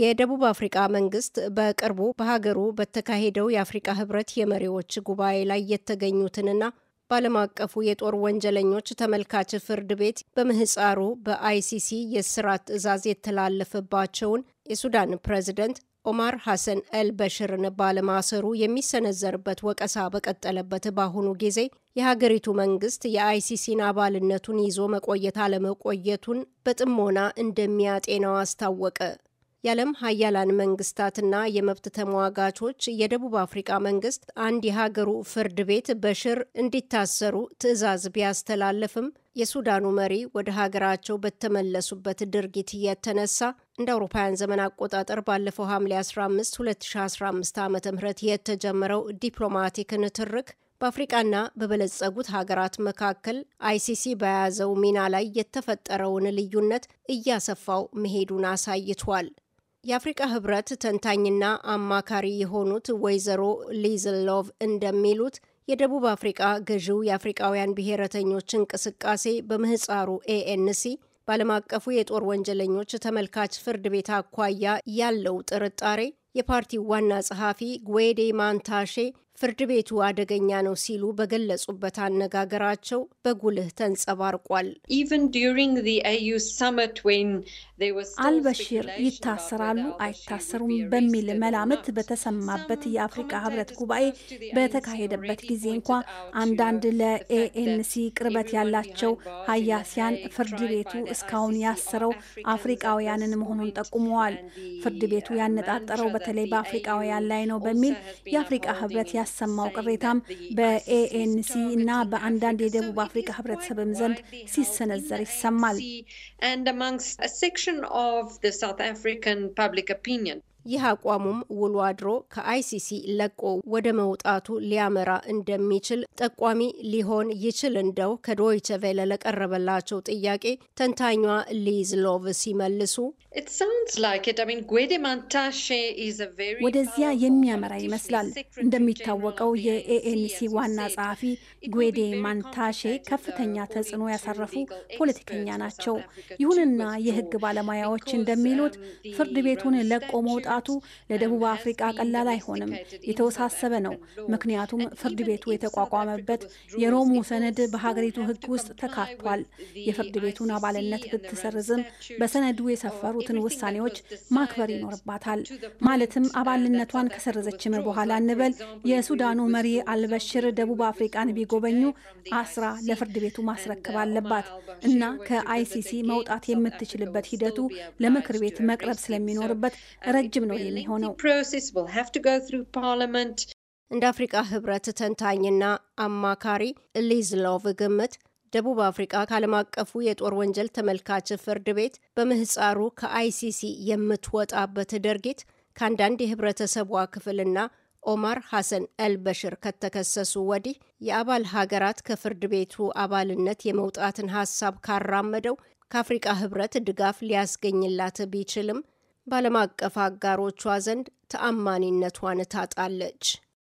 የደቡብ አፍሪቃ መንግስት በቅርቡ በሀገሩ በተካሄደው የአፍሪቃ ህብረት የመሪዎች ጉባኤ ላይ የተገኙትንና በዓለም አቀፉ የጦር ወንጀለኞች ተመልካች ፍርድ ቤት በምህፃሩ በአይሲሲ የእስራት ትዕዛዝ የተላለፈባቸውን የሱዳን ፕሬዚደንት ኦማር ሐሰን አልበሽርን በሽርን ባለማሰሩ የሚሰነዘርበት ወቀሳ በቀጠለበት በአሁኑ ጊዜ የሀገሪቱ መንግስት የአይሲሲን አባልነቱን ይዞ መቆየት አለመቆየቱን በጥሞና እንደሚያጤናው አስታወቀ። የዓለም ሀያላን መንግስታትና የመብት ተሟጋቾች የደቡብ አፍሪቃ መንግስት አንድ የሀገሩ ፍርድ ቤት በሽር እንዲታሰሩ ትዕዛዝ ቢያስተላልፍም የሱዳኑ መሪ ወደ ሀገራቸው በተመለሱበት ድርጊት የተነሳ እንደ አውሮፓውያን ዘመን አቆጣጠር ባለፈው ሐምሌ 15 2015 ዓ ም የተጀመረው ዲፕሎማቲክ ንትርክ በአፍሪቃና በበለጸጉት ሀገራት መካከል አይሲሲ በያዘው ሚና ላይ የተፈጠረውን ልዩነት እያሰፋው መሄዱን አሳይቷል። የአፍሪቃ ህብረት ተንታኝና አማካሪ የሆኑት ወይዘሮ ሊዝሎቭ እንደሚሉት የደቡብ አፍሪቃ ገዢው የአፍሪቃውያን ብሔረተኞች እንቅስቃሴ በምህፃሩ ኤኤንሲ በዓለም አቀፉ የጦር ወንጀለኞች ተመልካች ፍርድ ቤት አኳያ ያለው ጥርጣሬ የፓርቲው ዋና ጸሐፊ ጉዌዴ ማንታሼ ፍርድ ቤቱ አደገኛ ነው ሲሉ በገለጹበት አነጋገራቸው በጉልህ ተንጸባርቋል። አልበሺር ይታሰራሉ አይታሰሩም በሚል መላምት በተሰማበት የአፍሪካ ህብረት ጉባኤ በተካሄደበት ጊዜ እንኳ አንዳንድ ለኤኤንሲ ቅርበት ያላቸው ሀያሲያን ፍርድ ቤቱ እስካሁን ያሰረው አፍሪቃውያንን መሆኑን ጠቁመዋል። ፍርድ ቤቱ ያነጣጠረው በተለይ በአፍሪቃውያን ላይ ነው e በሚል የአፍሪቃ ህብረት ያሰማው ቅሬታም በኤኤንሲ እና በአንዳንድ የደቡብ አፍሪካ ህብረተሰብም ዘንድ ሲሰነዘር ይሰማል። of the South African public opinion ይህ አቋሙም ውሎ አድሮ ከአይሲሲ ለቆ ወደ መውጣቱ ሊያመራ እንደሚችል ጠቋሚ ሊሆን ይችል እንደው ከዶይቸ ቬለ ለቀረበላቸው ጥያቄ ተንታኟ ሊዝ ሎቭ ሲመልሱ ወደዚያ የሚያመራ ይመስላል። እንደሚታወቀው የኤኤንሲ ዋና ጸሐፊ ጉዴ ማንታሼ ከፍተኛ ተጽዕኖ ያሳረፉ ፖለቲከኛ ናቸው። ይሁንና የህግ ባለሙያዎች um, እንደሚሉት ፍርድ ቤቱን ለቆ መውጣት መምጣቱ ለደቡብ አፍሪቃ ቀላል አይሆንም፣ የተወሳሰበ ነው። ምክንያቱም ፍርድ ቤቱ የተቋቋመበት የሮሙ ሰነድ በሀገሪቱ ሕግ ውስጥ ተካቷል። የፍርድ ቤቱን አባልነት ብትሰርዝም በሰነዱ የሰፈሩትን ውሳኔዎች ማክበር ይኖርባታል። ማለትም አባልነቷን ከሰረዘችም በኋላ እንበል የሱዳኑ መሪ አልበሽር ደቡብ አፍሪቃን ቢጎበኙ አስራ ለፍርድ ቤቱ ማስረከብ አለባት እና ከአይሲሲ መውጣት የምትችልበት ሂደቱ ለምክር ቤት መቅረብ ስለሚኖርበት ረጅም ረጅም ነው የሚሆነው። እንደ አፍሪቃ ህብረት ተንታኝና አማካሪ ሊዝሎቭ ግምት ደቡብ አፍሪቃ ከዓለም አቀፉ የጦር ወንጀል ተመልካች ፍርድ ቤት በምህፃሩ ከአይሲሲ የምትወጣበት ድርጊት ከአንዳንድ የህብረተሰቧ ክፍልና ኦማር ሐሰን አልበሽር ከተከሰሱ ወዲህ የአባል ሀገራት ከፍርድ ቤቱ አባልነት የመውጣትን ሀሳብ ካራመደው ከአፍሪቃ ህብረት ድጋፍ ሊያስገኝላት ቢችልም በዓለም አቀፍ አጋሮቿ ዘንድ ተአማኒነቷን ታጣለች።